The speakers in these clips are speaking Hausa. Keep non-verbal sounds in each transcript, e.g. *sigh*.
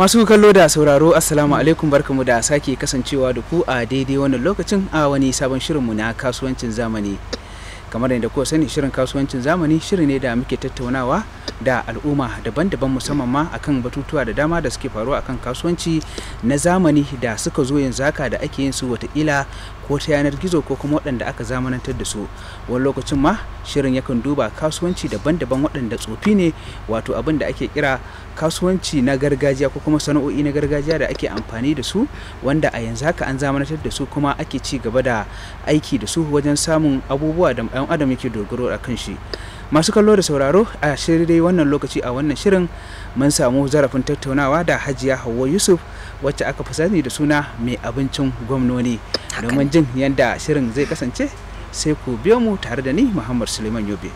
masu kallo da sauraro assalamu alaikum barkamu da sake kasancewa da ku a daidai wannan lokacin a wani sabon shirinmu na kasuwancin zamani kamar yadda kuka sani shirin kasuwancin zamani shiri ne da muke tattaunawa da al'umma daban-daban musamman ma akan batutuwa da dama da suke faruwa akan kasuwanci na zamani da suka zo yin zaka da ake yin su watakila ko ta yanar gizo ko kuma waɗanda aka zamanantar da su wani lokacin ma shirin yakan duba kasuwanci daban-daban waɗanda tsofi ne wato abin da ake kira kasuwanci na gargajiya ko kuma sana'o'i na gargajiya da ake amfani da su wanda a yanzu haka an zamanantar da su kuma ake ci gaba da aiki da su wajen samun abubuwa da 'yan adam yake dogaro a kan shi masu kallo da sauraro a shirin dai wannan lokaci a wannan shirin mun samu zarafin tattaunawa da hajiya hauwa yusuf wacce aka fi sani da suna mai abincin gwamnoni domin jin yadda shirin zai kasance sai ku biyo mu tare da ni muhammad suleiman yobe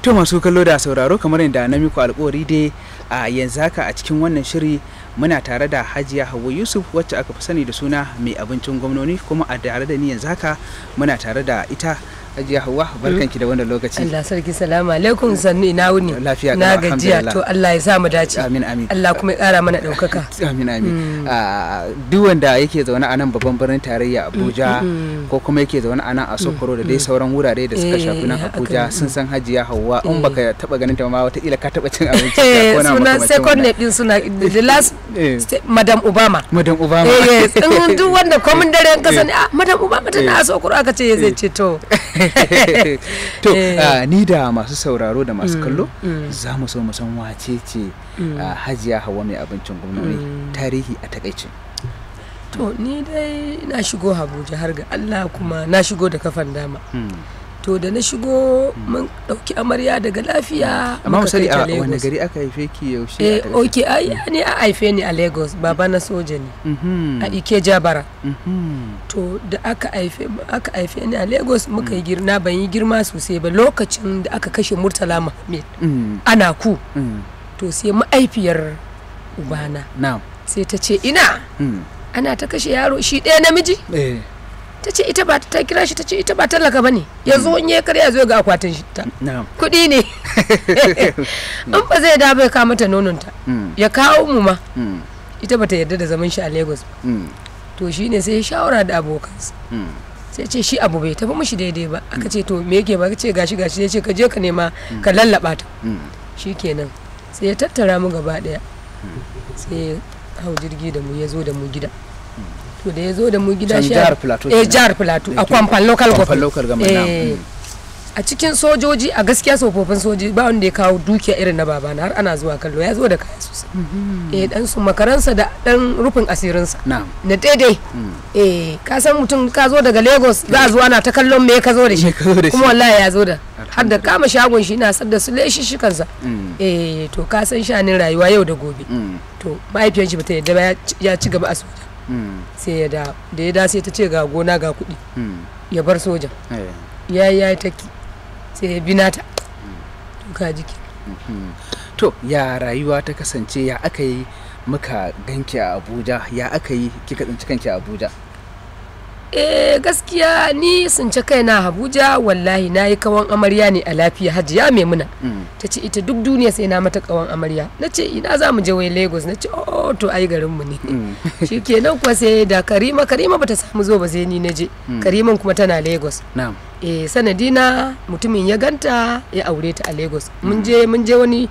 to masu kallo da sauraro kamar yadda na miku alkawari dai a yanzu haka a cikin wannan shiri muna tare da hajiya hawa yusuf wacce aka fi sani da suna mai abincin gwamnoni kuma a tare da ni yanzu haka muna tare da ita Hajiya Hauwa barkanki da wannan lokaci. Allah sarki salama alaikum sannu ina wuni. Lafiya na gajiya to Allah ya sa mu dace. Amin amin. Allah kuma ya kara mana daukaka. *laughs* Amin amin. Hmm. Ah, duk wanda yake zaune a nan babban birnin tarayya Abuja hmm, hmm, ko kuma yake zaune a nan a Sokoro da dai sauran wurare da suka shafi nan eh, Abuja sun san Hajiya hawa in eh. baka taba ganin ta ma wata ila ka taba cin *laughs* abinci eh, ko na maka. second ne din suna the last *laughs* Madam Obama. Madam Obama. Eh duk wanda komin dare ka sani ah, Madam Obama tana a Sokoro aka ce zai ce to. *laughs* to eh. ah, ni da masu sauraro da masu mm, kallo mm. za mu so mu san wace ce mm. ah, hajiya hawa mai abincin gwamnati tarihi a takaice to ni dai na shigo abuja har ga allah kuma na shigo da kafan dama hmm. to da na shigo mun dauki amarya daga lafiya amma misali a wani gari aka haife ki yaushe eh okay ai ne a haife ni a Lagos baba na soja ne mhm. a Ike Jabara mhm. to da aka haife aka haife ni a Lagos muka yi girma ban yi girma sosai ba lokacin da aka kashe Murtala Muhammad mm. ana ku mm. to sai ma'aifiyar ubana sai ta ce ina mm. ana ta kashe yaro shi ɗaya namiji eh ta ce ita ba ta kira shi ta ce ita ba talaka bane ya zo in ya karya zo ga akwatin shi ta kuɗi ne *laughs* in ba zai da bai ka mata nononta mm. ya kawo mu ma mm. ita ba ta yarda da zaman shi a lagos ba mm. to ne sai ya shawara da abokansa sai ce shi abu bai tafi mishi daidai ba aka ce to me yake ba ce gashi gashi ne ce ka je ka nema ka lallaba ta Shi kenan sai ya tattara mu gaba daya sai hau jirgi da mu ya zo da mu gida to da ya zo da mu gida shi jihar plateau eh jihar plateau a kwamfan local government eh, a cikin sojoji a gaskiya tsofaffin soji ba wanda ya kawo dukiya irin na babana har ana zuwa kallo ya zo da kaya sosai mhm. eh dan su makaransa da dan rufin asirinsa na daidai hmm. eh ka san mutum ka zo daga lagos za zuwa na ta kallon me ka zo da shi kuma wallahi ya zo da har da kama shagon shi na sadda su leshi shi kansa hmm. eh to ka san shanin rayuwa yau da gobe hmm. to mahaifiyar shi bata yadda ba ya ci gaba a soja sai ya da da ya da sai ta ce ga gona ga kuɗi ya bar sojan eh. ya yi ya yi taki sai ya bi nata duka jiki to ya rayuwa ta kasance ya aka yi muka ganki a abuja ya aka yi kika tsinci kanki a abuja eh gaskiya ni sun ce kai Abuja wallahi nayi yi kawan amarya ne a lafiya hajiya Maimuna mm. ta ce ita duk duniya sai na mata kawan amarya na ce ina za mu je wai Lagos na ce oh to ai garin mu ne mm. *laughs* shikenan kuwa sai da Karima Karima bata samu zo ba sai ni na je mm. Kariman kuma tana Lagos na'am eh sanadina mutumin ya ganta ya aure ta a Lagos mun je mun je wani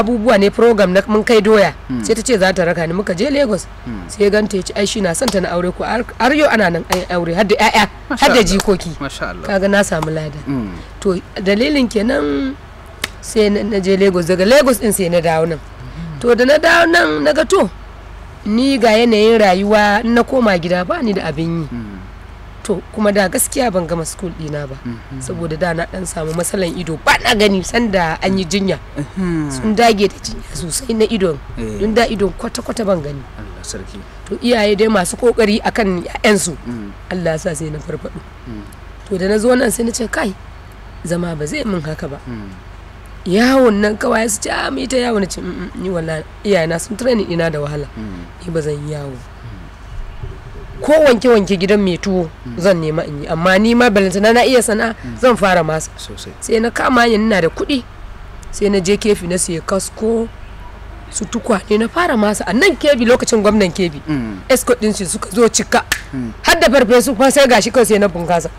abubuwa ne program na mun kai doya hmm. sai ta ce za ta raka ni muka je lagos hmm. sai ganta ya ci aishi na santa ta na aure ko har ana nan an aure har da ƴaƴa har da jikoki kaga na samu lada hmm. to dalilin kenan sai na je lagos daga lagos din sai na dawo nan to da na dawo nan na to ni ga yanayin rayuwa na koma gida ba ni da abin yi to kuma da gaskiya ban gama school dina ba mhm. saboda da na dan samu matsalan ido ba na gani sanda an yi jinya mhm. sun dage da jinya sosai na idon eh. don da idon kwata-kwata ban gani to iyaye dai masu kokari akan yayansu mm. Allah sa sai na farfado mm. to da na zo nan sai na ce kai zama ba zai min haka ba mm. yawon nan kawai su ce a ah, ta yawon ni wallahi iyayena sun training ina da wahala ni ba zan yawo ko wanke wanke gidan mai tuwo zan nema in yi amma ni ma balantana na iya sana'a zan fara masa sai na kama yin na da kuɗi sai na je kefi na siya kasko su tukwa. ne na fara masa a nan kebi lokacin gwamnan kebi mm. escort din su suka zo cika mm. har da su kuma sai gashi kawai sai na bunkasa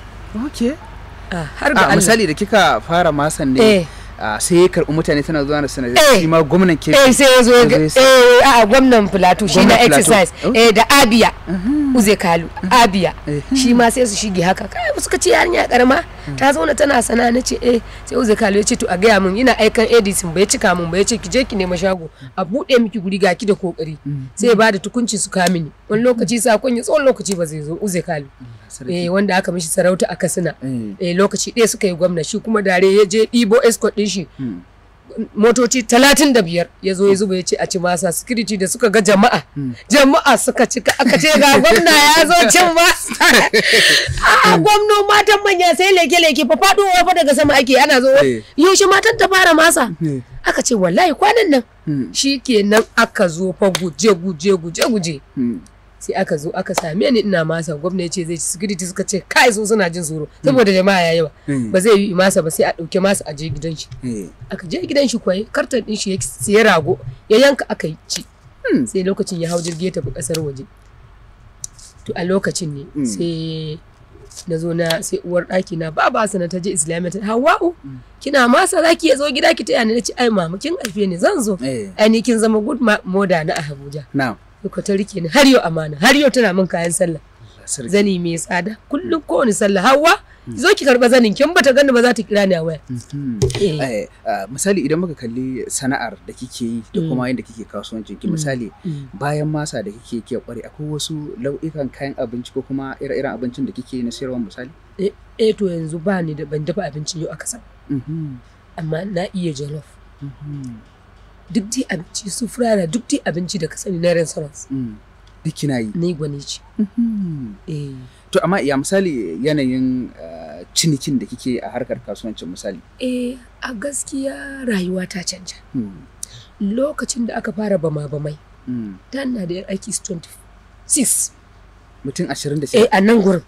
ah, har ga misali da kika fara masa ne eh. Ah, sai ya karɓi mutane tana zuwa da sanadiyar eh, shi ma gwamnan ke eh sai ya zo eh, eh a gwamnan plateau shi na exercise oh. eh da abia uze kalu abia eh. shi ma sai su shige haka kai suka ci yarinya karama ta zauna tana sana na ce eh sai uze kalu ya ce to a gaya mun ina aikan ba bai cika min bai ce ki je ki nema shago a buɗe miki guri ga ki da kokari mm. sai ba da tukunci su ka mini wani lokaci sa kun yi tsawon lokaci ba zai zo uze kalu mm, eh wanda aka mishi sarauta a kasina eh. eh lokaci ɗaya suka yi gwamna shi kuma dare ya je ɗibo escort ɗin shi mm. motoci talatin da biyar ya zo ya zuba ya ce a ci masa sikiriti da suka ga jama'a hmm. jama'a suka cika aka ce ga gwamna ya zo cin masa *laughs* a gwamno matan manya sai leke leke fa faɗo fa daga sama ake ana zo eh. yaushe matan ta fara masa eh. aka ce wallahi kwanan nan hmm. shi kenan aka zo fa guje guje guje guje hmm. sai aka zo aka same ni ina masa gwamna ce zai ci security suka ce kai zo suna jin tsoro saboda jama'a ya yawa hmm. ba zai yi masa ba sai a dauke masa a je gidan shi hmm. aka je gidan shi kwaye kartan din shi ya siya rago ya yanka aka yi ci hmm. sai lokacin ya hau jirgi ya tafi kasar waje to a lokacin ne sai na zo na sai uwar ɗaki na ba ba sana ta je islamiyya ta hawa'u kina masa zaki ya zo gida ki taya ni na ci ai mama kin ne zan zo eh. ai ni kin zama good mother na a Habuja. na'am duka ta rike ni har yau amana har yau tana min kayan sallah zani mai tsada kullum mm. kowane sallah hawa mm. zo ki karba zanin kin bata gani ba za ta kira ni a waya mm-hmm. eh. Eh, misali idan muka kalli sana'ar da kike yi da kuma mm. yadda kike kasuwancin ki misali bayan masa da kike ke kware akwai wasu lau'ikan kayan abinci ko kuma ire-iren abincin da kike na sayarwa misali eh, eh to yanzu ba ni da ban dafa abinci yau aka san mm-hmm. amma na iya jollof mm-hmm. duk dai abinci su furara duk dai abinci da ka sani na restaurants mm. duk kina yi ni gwani ce mm-hmm. eh. to amma ya misali yanayin eh, cinikin da kike a harkar kasuwancin misali eh a gaskiya rayuwa ta canja mm. lokacin da aka fara bama bamai ta mm. na da aiki 26 mutum 26 eh a nan gurin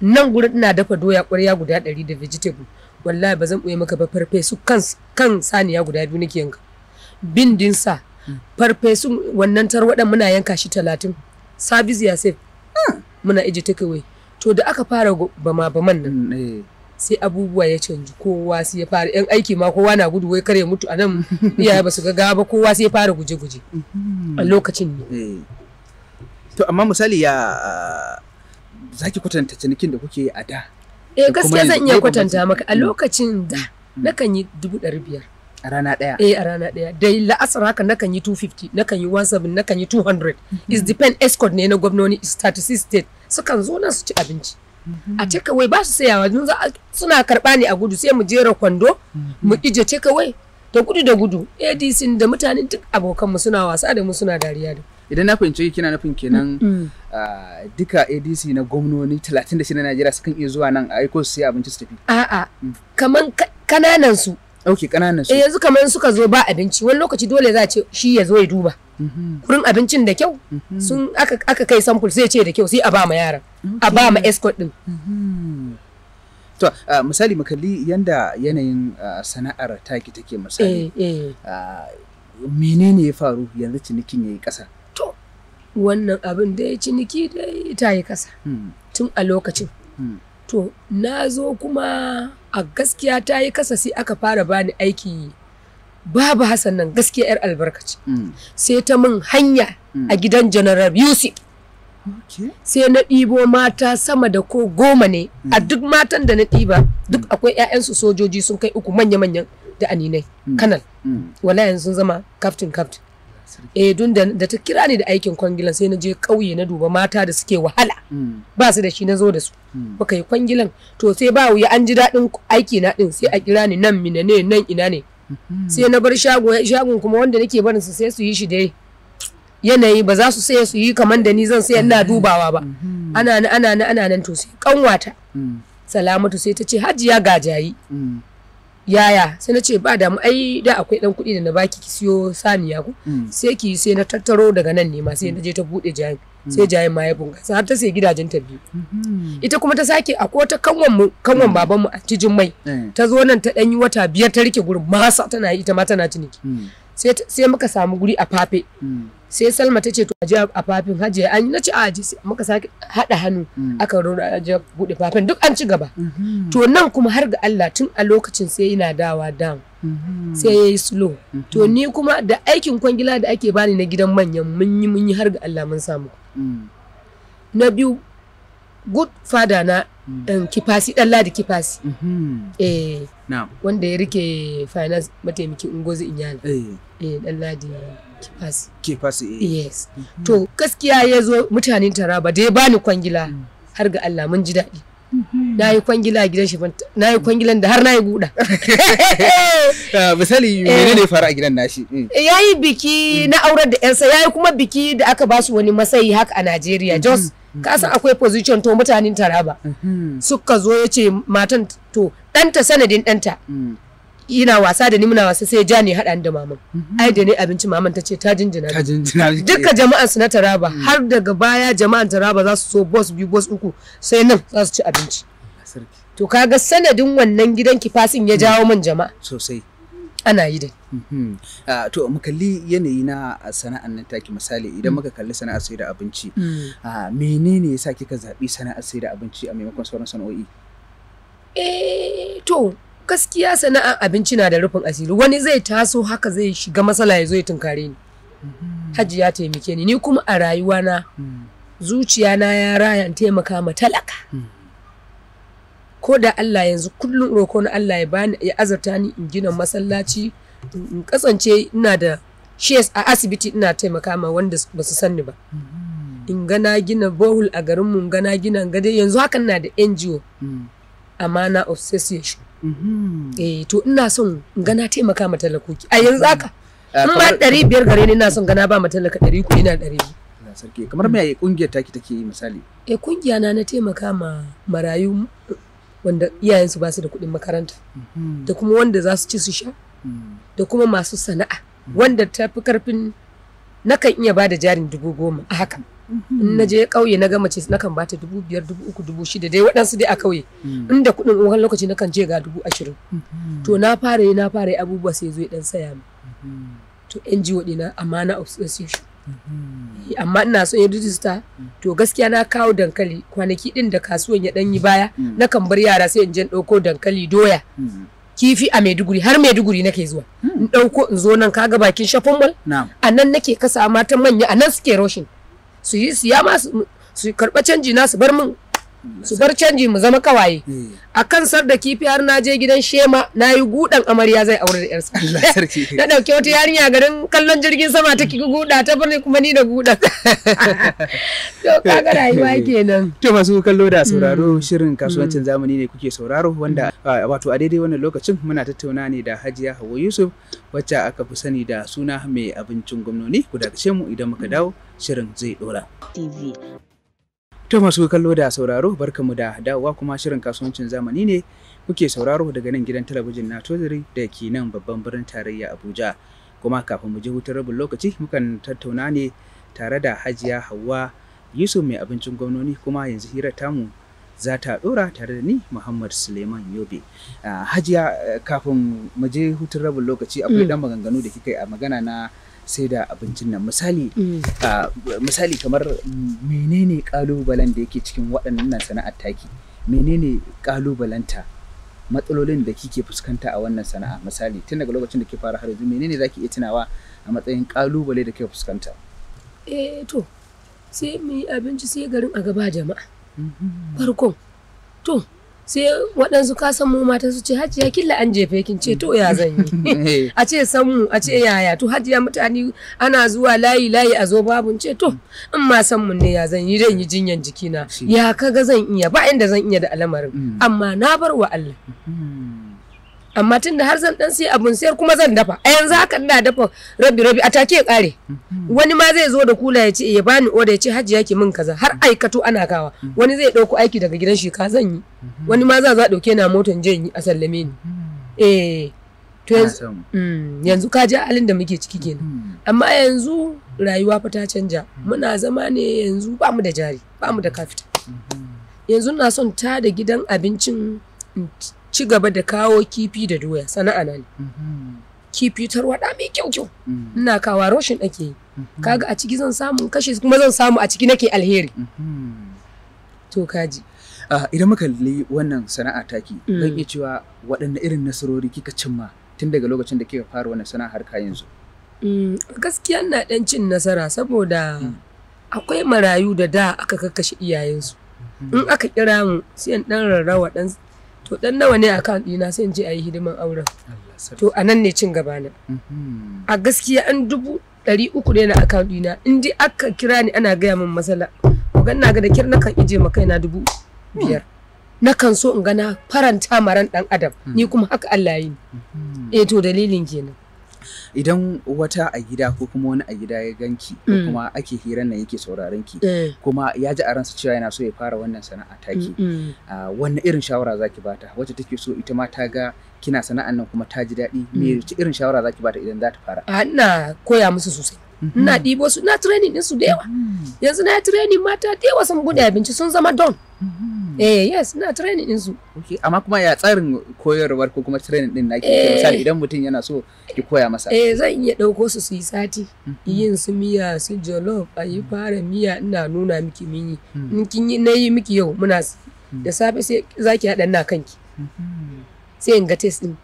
nan gurin ina dafa doya ƙwarya guda 100 da vegetable wallahi ba zan ɓoye maka ba farfesu kan saniya guda biyu nake yanka bindinsa farfesun wannan tarwaɗan muna yanka shi talatin service ya sai ah, muna iji takeaway to da aka fara bama baman nan mm, eh. sai abubuwa ya canji kowa sai ya fara yan aiki ma kowa na gudu wai kare mutu a nan *laughs* iyaye ba su ga ba, kowa sai ya fara guje-guje mm-hmm. a lokacin ne eh. to amma misali ya ah, zaki kwatanta cinikin da kuke a da eh gaskiya zan iya kwatanta maka a mm. lokacin da mm. nakan yi dubu ɗari biyar a rana daya eh a rana daya dai la'asar haka nakan yi 250 nakan yi 170 nakan yi 200 mm-hmm. is depend escort ne na gwamnoni is 36 state sukan zo nan su ci abinci mm-hmm. a takeaway ba su sayawa suna karba ne a gudu sai mu jera kwando mm-hmm. mu ije takeaway da gudu da gudu adc da mutanen duk abokanmu suna wasa da mu suna dariya da idan na fahimci kina nufin kenan mm. duka adc na gwamnoni 36 na najeriya sukan iya zuwa nan a aiko su sai abinci su tafi a'a mm. kaman kananan su Ɗauke ƙananan su. Eh, yanzu kamar suka zo ba abinci wani lokaci dole za a ce shi ya zo ya duba. Kurin mhm. abincin da kyau mhm. sun aka kai sample sai ce da kyau sai a ba ma yaran. A ba ma escort din. Mhm. To misali mu kalli yanda yanayin sana'ar taki take misali. Eh, eh. Menene ya faru yanzu cinikin yayi kasa ƙasa? To wannan abin da ya ciniki dai ta yi ƙasa. Hmm. Tun a lokacin. Hmm. to na zo kuma a gaskiya ta yi kasa sai aka fara bani aiki babu hasan nan gaskiya yar albarkaci mm. sai ta min hanya mm. a gidan general yusuf sai na ɗibo mata sama da ko goma ne a mm. duk matan da na ɗiba duk akwai 'ya'yansu sojoji sun kai uku manya-manyan da aninai kanal wala yanzu zama captain captain eh dun da ta kira ni da aikin kwangilan sai na je ƙauye na duba mata da suke wahala mm. ba su da shi na zo da su Baka mm. yi kwangilan to sai ba wuya an ji daɗin aiki na ɗin sai a mm. kira ni nan mina ne nan ina ne mm-hmm. sai na bar shagon kuma wanda nake barin su sai su yi shi dai yanayi ba za su saya su yi kamar da ni zan saya na mm-hmm. dubawa ba mm-hmm. ana ana ana nan to sai kanwata salamatu sai ta ce hajiya gajayi yaya sai na ce ba damu ai da akwai dan kuɗi da na baki ki siyo saniya ku. Hmm. sai ki sai na tattaro daga nan ne ma sai hmm. na je ta bude jayin hmm. sai jayin ma ya bunƙasa har ta sai gidajen ta biyu ita kuma ta sake a kota kanwan mu kanwan baban mu a cijin mai eh. ta zo nan ta dan yi wata biyar ta rike gurin masa tana ita ma tana ciniki sai muka samu guri a fafe mm. sai salma ta ce to aje a fafin hajiya an yi na ce a aje muka sake haɗa hannu mm. aka rura aje bude fafin duk an ci gaba mm-hmm. to nan kuma har ga Allah tun a lokacin sai yana dawa down mm-hmm. sai yayi slow mm-hmm. to ni kuma da aikin kwangila da ake bani na gidan manyan mun yi mun yi har ga Allah mun samu mm. na biyu good father na Hmm. kifasi dan ladi kifasi mhm. eh wanda ya rike finance mataimakin ungozi inyala eh. eh dan ladi kifasi kifasi eh yes mhm. to gaskiya ya zo mutanen taraba da ya bani kwangila hmm. har ga Allah mun ji daɗi mhm. na yi kwangila a gidan shi na yi hmm. kwangilan da har na yi guda *laughs* ah, misali eh. mene ne fara a gidan nashi eh, ya yi biki na aurar da yansa ya yi kuma biki da aka basu wani masayi haka a Najeriya Jos ka akwai position to mutanen taraba mhm. suka zo ya ce matan to ɗanta sanadin ɗanta mm. ina wasa da ni muna wasa sai ja ne haɗa da maman mhm. ai da ni abinci maman ta ce ta jinjina duka jama'an su na taraba mm. har daga baya jama'an taraba za su so bus biyu bus uku sai nan za su ci abinci to kaga sanadin wannan gidan kifasin ya jawo man jama'a sosai ana yi dai mhm. ah, to mu kalli yanayi na sana'ar nan taki misali idan mm. muka kalli sana'ar sai da abinci mm. ah, menene yasa kika zaɓi sana'ar sai da abinci a maimakon sauran sana'o'i eh to gaskiya sana'ar abinci na da rufin asiri wani zai taso haka zai shiga matsala ya zo ya tunkare ni mhm. hajji ya taimake ni ni kuma a rayuwa na. Mm. zuciya na ya raya taimaka ma talaka ko da Allah yanzu kullum roko na Allah ya bani ya azurta ni in gina masallaci in kasance ina da shes a asibiti ina taimaka ma wanda ba su sanni ba mm-hmm. in gana gina bohol a garin mu gana gina gade yanzu hakan na da NGO mm. amana of association mm-hmm. eh to ina son in gana taimaka ma talakoki a yanzu haka eh, in ma ɗari biyar gare ni ina son gana ba ma talaka ɗari ko ina 100 biyu Allah sarki kamar me kungiyar taki take yi misali eh kungiya na na taimaka ma marayu wanda iyayensu ba su da kuɗin makaranta mhm. da kuma wanda za su ci su sha mhm. da kuma masu sana'a mhm. wanda ta fi karfin nakan iya ba da jarin dubu goma a haka in na je ƙauye na gama ce ba ta dubu biyar dubu uku dubu shida dai waɗansu dai a ƙauye inda kuɗin wani lokaci kan je ga dubu ashirin to na fara yi na fara abubuwa sai zo ya ɗan saya to NGO ɗina amana of association amma ina son yin rijista to gaskiya na kawo dankali kwanaki din da kasuwan ya dan yi baya mm. na kan bar yara sai in je ɗauko dankali doya mm. kifi a maiduguri har maiduguri nake zuwa mm. in ɗauko in zo nan kaga bakin shafin mall anan nake kasa matan manya anan suke roshin su yi siya ma su karɓa canji na su bar min su bar canji mu zama kawaye hmm. a kan sar da kifi har na je gidan shema na yi gudan amarya zai aure da yarsa *laughs* *laughs* na dauke wata yarinya garin kallon jirgin sama ta ki guda ta bar kuma ni da gudan *laughs* to kaga rayuwa kenan to masu kallo da sauraro hmm. shirin kasuwancin hmm. zamani ne kuke sauraro wanda wato a daidai wannan lokacin muna tattauna ne da Hajiya hawo Yusuf wacce aka fi sani da suna mai abincin gwamnoni ku dakace mu idan muka dawo shirin zai dora TV To masu kallo da sauraro barkamu da dawowa kuma shirin kasuwancin zamani ne kuke sauraro daga nan gidan talabijin na Tozuri da ke nan babban birnin tarayya Abuja. Kuma kafin mu je hutun rabin lokaci mukan tattauna ne tare da Hajiya Hauwa Yusuf mai abincin gwamnoni kuma yanzu hira tamu za ta dora tare da ni Muhammad Suleiman Yobe. Ah, Hajiya eh, kafin mu je hutun rabin lokaci akwai dan mm. maganganu da kika yi a magana na sai da abincin nan misali mm. misali kamar menene kalubalen da yake cikin waɗannan sana'ar taki menene kalubalanta matsalolin da kike fuskanta a wannan sana'a misali tun daga lokacin da ke fara har yanzu menene zaki iya tunawa a matsayin kalubale da ke fuskanta eh to sai mu yi abinci sai garin a gaba jama'a mm-hmm. farkon to sai waɗansu ka san mu mata su ce hajiya killa an jefe kin ce to ya zan yi eh. *laughs* a ce san mu a ce yaya to hajiya mutane ana zuwa layi layi a zo babu ce to in ma san mun ne ya zan yi dan yi jinyan jikina ya kaga zan iya ba inda zan iya da al'amarin mm. amma na bar wa Allah mm. amma tun da har zan dan sai abun sayar kuma zan dafa a yanzu haka ina dafa rabi rabi a take ya kare wani ma zai zo da kula ya ce eh, ya bani oda ya ce hajiya ki min kaza har aikato ana kawa wani zai dauko aiki daga gidan shi ka zan yi wani ma za za dauke na motan jan yi a sallame ni eh to mm, yanzu ka ji halin da muke ciki kenan mm. amma yanzu rayuwa fa ta canja muna zama ne yanzu ba mu da jari ba mu da kafita mm-hmm. yanzu na son ta da gidan abincin ci gaba da kawo kifi da doya sana'a na ne mm-hmm. kifi tarwaɗa mai kyau kyau mm-hmm. ina kawa roshin ake yi mm-hmm. kaga a ciki zan samu kashe kuma zan samu a ciki nake alheri to kaji ah, idan muka li wannan sana'a taki zan mm. iya cewa waɗanne irin nasarori kika cimma tun daga lokacin da kika fara wannan sana'a har yanzu mm, gaskiya na ɗan cin nasara saboda mm. akwai marayu da da aka kakkashe iyayensu in aka kira mu sai in ɗan rarrawa ɗan to dan nawa ne akan ɗina sai in je a yi hidiman auren to a nan ne cin gaba na mhm. a gaskiya an dubu ɗari uku ne na akan ɗina in dai aka kira ni ana gaya min matsala ko na ga da na kan ije ma kaina dubu biyar na kan so in ga na faranta maran ɗan adam hmm. ni kuma haka Allah yi mhm. eh to dalilin kenan idan wata a gida ko kuma wani a gida ya ganki ko mm. kuma ake hirar na yake sauraron ki eh. kuma ya ji a ransa cewa yana so ya fara wannan sana'a taki mm, mm. wanne irin shawara zaki bata wacce take so ita ma ta ga kina sana'an nan kuma ta ji daɗi me irin shawara zaki bata idan za ta fara a ina koya musu sosai mm-hmm. ina ɗibo su ina training su da yawa mm-hmm. yanzu na training mata da yawa sun buɗe abinci sun zama don mm-hmm. Mm. eh yes ina training din su okay amma kuma ya tsarin koyarwar ko kuma training din nake eh. misali idan mutum yana so ki koya masa eh zan iya dauko su su yi sati mm-hmm. yin su miya su jollof a yi mm. fara miya ina nuna miki yi. Mm. in kin yi nayi miki yau muna da safe sai zaki haɗa na kanki mm-hmm. sai in ga test din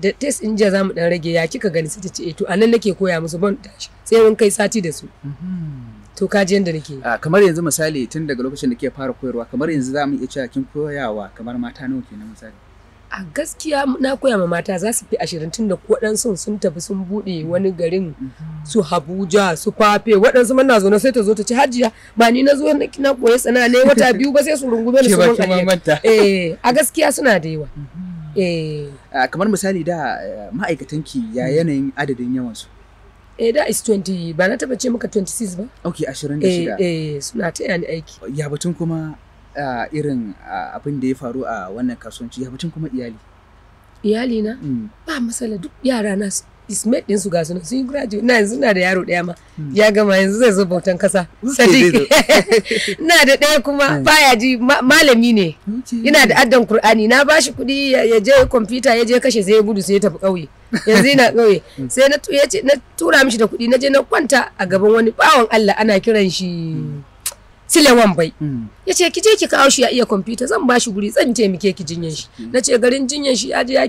da test in jiya zamu dan rage ya kika gani sai ta ce eh, to anan nake koya musu ban tashi sai mun kai sati da su mm-hmm. to ka ji yadda nake a ah, kamar yanzu misali tun daga lokacin da ke fara koyarwa kamar yanzu za mu iya cewa kin koyawa kamar mata nawa kenan misali a gaskiya na koya ma mata za su fi ashirin tun da waɗansu sun tafi sun buɗe mm-hmm. wani garin mm-hmm. su habuja su fafe waɗansu mana zo na sai ta zo ta ci hajiya ba ni na zo na koya sana'a ne wata biyu ba sai su rungume ni *laughs* su rungume *laughs* eh a gaskiya suna da yawa mm-hmm. eh ah, kamar misali da eh, ma'aikatanki ya mm. yanayin adadin yawansu eh da is 20 ba na taba ce maka 26 ba ok 26 eh, eh suna ta yani aiki ya batun kuma ah, irin ah, abin da ya faru a wannan kasuwanci ya batun kuma iyali iyali na mm. ba masala duk yara na made din su ga sun sun graduate na yanzu na da yaro daya ma mm. ya gama yanzu zai zo bautan kasa sadiq *laughs* na da daya kuma mm. baya ji malami ne yana da addan qur'ani na bashi kuɗi ya je computer ya je kashe sai ya gudu sai ya tafi ƙauye yanzu yana ƙauye sai na na tura mishi da kuɗi na je na kwanta a gaban wani bawan Allah ana kiran shi Silewan bai ya ce kije ki kawo shi ya iya kwamfuta zan bashi guri zan taimake ki jinyan shi na ce garin jinyan shi ya je ya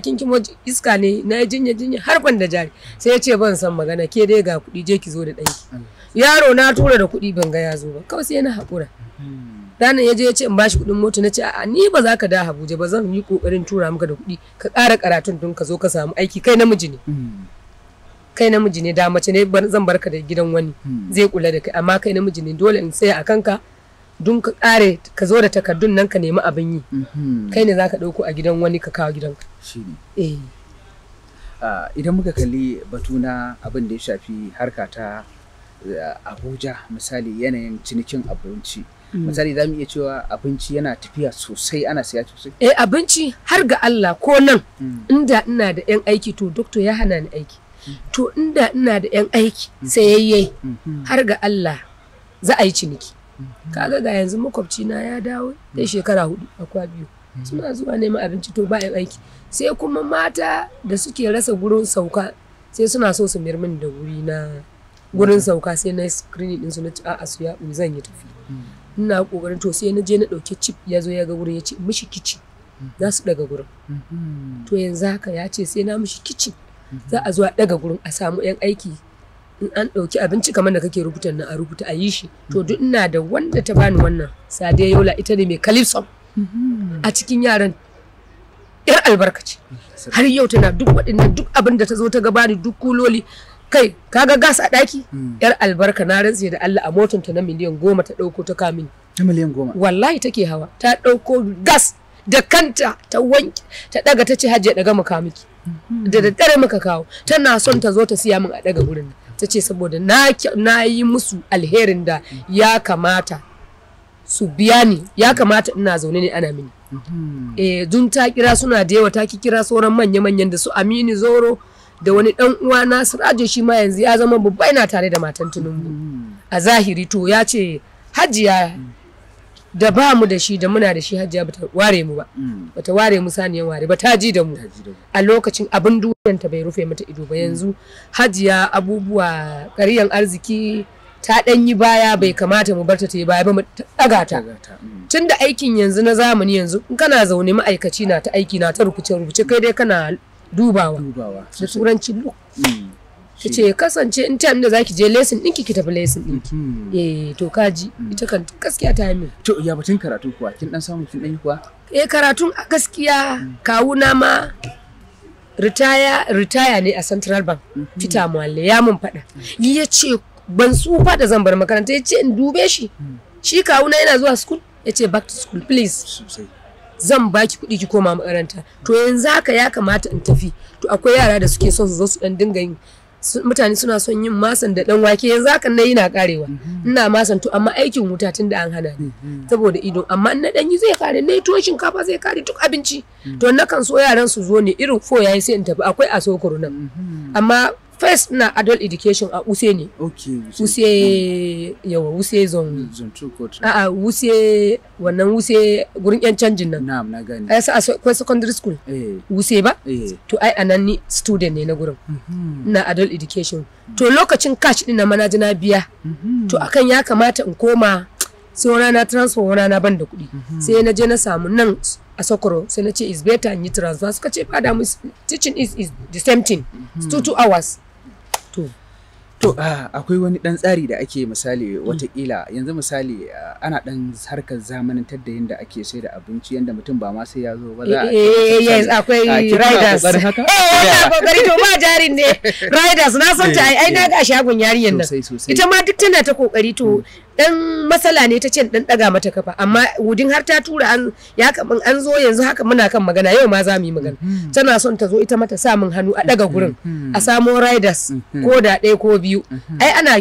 iska ne na jinya jinya har ban da jari sai ya ce ban san magana ke dai ga kuɗi je ki zo da ɗanki yaro na tura da kuɗi ban ga ya zo ba kawai sai na hakura. Hmm. ranar ya je ya ce in bashi kuɗin mota na ce a ni ba za ka da Abuja ba zan yi kokarin tura maka da kuɗi ka ƙara karatun don ka zo ka samu aiki kai namiji ne hmm. kai namiji ne da mace ne zan barka da gidan wani hmm. zai kula da kai amma kai namiji ne dole in tsaya a kanka don ka ƙare ka zo da takardun nan ka nemi abin yi hmm. kai ne za ka ɗauko a gidan wani ka kawo gidanka eh. ah, idan muka kalli batuna abin da ya shafi harka ta Eh, abuja misali yanayin cinikin abinci mm. misali za mu iya cewa abinci yana tafiya sosai ana siya sosai eh abinci har ga Allah ko nan mm. inda ina da yan aiki to doctor ya hana ni aiki mm. to inda ina da yan aiki yayye har ga Allah za a yi ciniki kaga ga yanzu makwabci na ya dawo dai shekara hudu akwa biyu suna zuwa neman abinci to ba yan aiki sai kuma mata da suke rasa gurin sauka sai suna so su mirmin da wuri na gurin sauka sai na screening din su na a su ya zan yi tafi hmm. ina kokarin to sai na je na dauke chip ya zo ya ga gurin ya ce mishi kici hmm. za su daga gurin hmm. to yanzu haka ya ce sai na mishi kici za a zo a daga gurin a samu yan aiki in an ɗauki abinci kamar da kake rubuta na a rubuta a yi shi to duk ina da wanda ta bani wannan sadiya yola ita ne mai calypso a cikin yaran yar albarkaci har yau tana duk waɗannan duk abinda da ta zo ta gabani duk kuloli kai kaga gas a daki hmm. yar albarka na rantse da Allah a motar ta na miliyan goma ta dauko ta kamin ta miliyan goma wallahi take hawa ta dauko gas da kanta ta wanke ta daga ta ce hajje daga muka miki hmm. da daddare muka kawo tana son ta zo ta siya min a daga gurin ta ce saboda na yi musu alherin da ya kamata su biya ni ya kamata ina zaune ne ana mini. Hmm. Eh dun ta kira suna da yawa ta ki kira sauran manya-manyan da su Aminu Zoro da wani dan uwa na Sirajo shi ma yanzu ya zama babba yana tare da matan Tinubu a zahiri to ya ce Hajiya da ba mu da shi da muna da shi Hajiya bata ware mu ba mm. bata ware mu saniyan ware ba ta ji da mu a lokacin abin ta bai rufe mata ido ba mm. yanzu Hajiya abubuwa ƙaryan arziki ta dan yi baya bai mm. kamata mu barta ta yi baya ba mu daga ta Tunda aikin yanzu na zamani yanzu in kana zaune ma'aikaci na ta aiki na ta rubuce rubuce kai dai kana dubawa da turanci look mm. ta ce kasance in time da zaki je lesson ɗinki ki tafi lesson ɗinki mm-hmm. eh to kaji mm. ita kan gaskiya ta yi to ya batun karatu kuwa kin dan samu kin dan kuwa eh karatun a gaskiya mm. kawuna ma ritaya ne a central bank fita mm-hmm. muhalle ya mun faɗa ya ce ban tsufa da zan bar makaranta ya ce in dube shi shi kawuna yana zuwa school ya ce back to school please zan baki kuɗi ki koma makaranta to yanzu haka ya kamata in tafi to akwai yara da suke son su zo su dan dinga yin mutane suna son yin masan da dan wake yanzu haka na yi na karewa mhm. ina masan to amma aikin wuta tun da an hana ni mhm. saboda ido amma na dan yi zai kare ne to shinkafa zai kare duk abinci mhm. to na kan so yaran su zo ne irin fo yayi sai in tafi akwai a nan amma first na adult education a use ne okay use hmm. yawa use zone zone two court a a use wannan use gurin yan canjin nan na'am na gani ai sa akwai secondary school eh use ba eh. to ai anan ni student ne na gurin mm-hmm. na adult education mm-hmm. to lokacin cash din na manaji na biya mm-hmm. to akan ya kamata in koma sai wani na transfer wani na ban da kuɗi sai na je na samu nan a sokoro sai na ce is better in yi transfer suka ce fada mu teaching is, is the same thing it's two two hours tout. To akwai wani ɗan tsari da ake misali watakila yanzu misali ana ɗan harkar zamanantar da yadda ake sai da abinci yadda mutum ba ma sai ya zo ba za a eh, eh, eh, yes akwai riders eh ina kokari to ba jarin ne *laughs* riders na san ta ai na ga shagon yariyan nan ita ma duk tana ta kokari to dan hmm. matsala ne ta ce dan daga mata kafa amma wudin har ta tura an ya kaman an zo yanzu haka muna kan magana yau ma za mu yi magana hmm. tana son ta zo ita mata sa min hannu a daga gurin hmm. a samo riders ko da ɗaya ko biyu biyu mhm. ai ana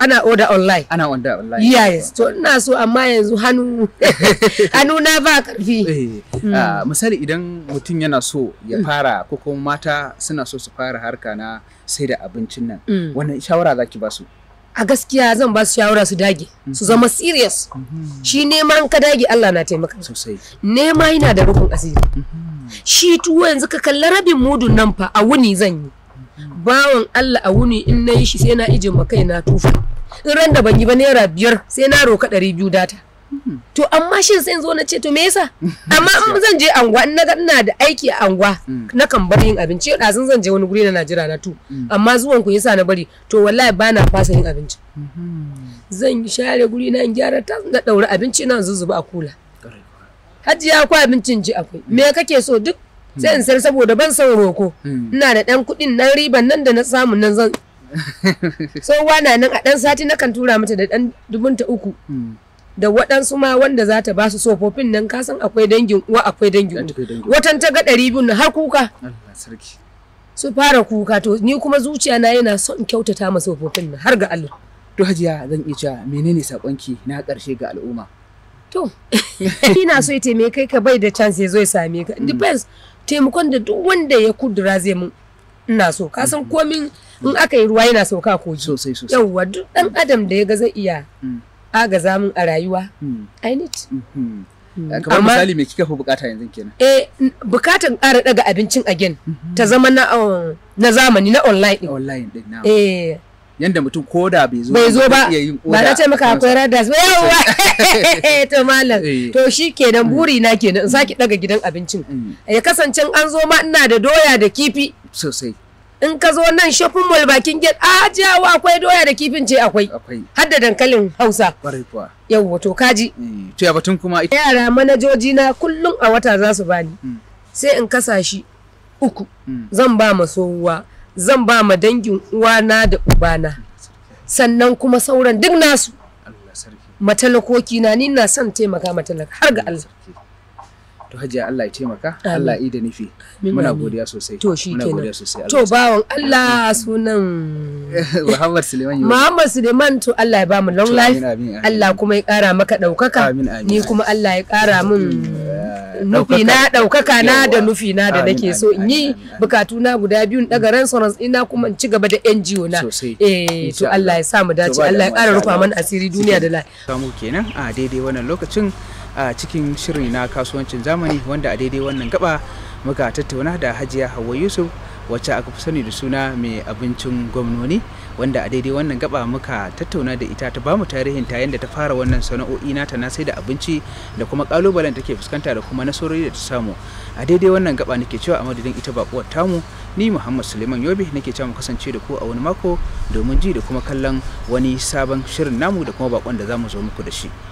ana order online ana order online yes to ina so amma yanzu hannu *laughs* hannu na ba karfi eh, hmm. ah, misali idan mutum yana so ya hmm. fara ko kuma mata suna so su fara harka na sai da abincin nan hmm. wannan shawara zaki ba su a gaskiya zan ba su shawara su dage su zama mhm. serious mhm. shi neman ka dage Allah na taimaka sosai nema yana da rufin asiri shi tuwo yanzu ka kalli rabin mudun nan fa a wuni zan yi bawan Allah a wuni in na yi shi sai na ijin ma kai na tufa in ran da ban yi ba naira biyar sai na roka ɗari biyu data hmm. to amma shin sai zo na ce to me yasa *laughs* amma in zan je anguwa in na ga ina da aiki a anguwa hmm. na kan bar yin abinci da sun zan je wani guri na Najeriya na tu hmm. amma zuwan ku yasa na bari to wallahi ba na fasa yin abinci zan share guri na in gyara ta na daura abinci na zuzuba a kula hajiya akwai abincin ji akwai me kake so duk sai in san saboda ban san roko hmm. ina da dan kuɗin nan riban nan da na samu nan zan tsohuwa *laughs* na nan a dan sati na kan tura mata da dan ta uku hmm. da waɗansu ma wanda za ta ba su tsofaffin nan kasan akwai dangin uwa akwai dangin watan ta ga ɗari biyu na har kuka su fara kuka to ni kuma zuciya na yana son kyautata ma tsofaffin nan har ga Allah to hajiya zan iya cewa menene sakonki na ƙarshe ga al'umma to *laughs* ina so ya taimake ka bai da chance ya zo ya same ka hmm. depends taimakon da duk wanda ya kudura zai mun ina so ka san komin in aka yi ruwa yana sauka kogi sosai sosai yawwa duk dan mm. adam da ya ga zai iya mm. agaza mun a rayuwa mm. i need mm-hmm. eh, kamar misali me kika fi bukata yanzu kenan eh bukatan ƙara daga abincin again mm-hmm. ta zama na um, na zamani na online online din na eh yanda mutum ko da bai zo bai zo ba ba na ce maka akwai radars ba yawa *laughs* *laughs* to malam eh. to shi kenan mm. buri na kenan in saki daga gidan abincin mm. ya kasance an zo ma ina da doya da kifi sosai in ka zo nan shopping mall bakin gate ah, a jawa akwai doya da kifin ce akwai har da dankalin hausa yawwa to kaji eh, to ya batun kuma yara manajoji na kullum a wata za su bani mm. sai in kasa shi uku zan ba masowa zan ba ma dangin uwana da ubana sannan kuma sauran duk nasu matalakoki na ni na son taimaka matalaka har ga Allah to hajiya Allah ya taimaka Allah da nufi muna godiya sosai to shi kenan to bawan Allah sunan *laughs* Muhammad Suleiman Muhammad Suleiman to Allah ya ba mu long life Allah kuma ya kara maka daukaka ni kuma Allah ya kara mun. Mm. nufi na ɗaukaka na da nufi na da nake so in yi bukatu na guda biyu daga ransurance ina kuma in ci gaba da NGO na eh to Allah ya sa mu dace Allah ya ƙara rufa mana asiri duniya da lafiya kamu kenan a daidai wannan lokacin a cikin shirin na kasuwancin zamani wanda a daidai wannan gaba muka tattauna da Hajiya Hauwa Yusuf wacce aka fi sani da suna mai abincin gwamnoni wanda a daidai wannan gaba muka tattauna da ita ta bamu tarihin ta yadda ta fara wannan sana'o'i nata na sai da abinci da kuma kalubalen take fuskanta da kuma nasarori da ta samu a daidai wannan gaba nake cewa a madadin ita bakuwar tamu ni Muhammad Suleiman Yobe nake cewa mu kasance da ku a wani mako domin ji da kuma kallon wani sabon shirin namu da kuma bakon da zamu zo muku da shi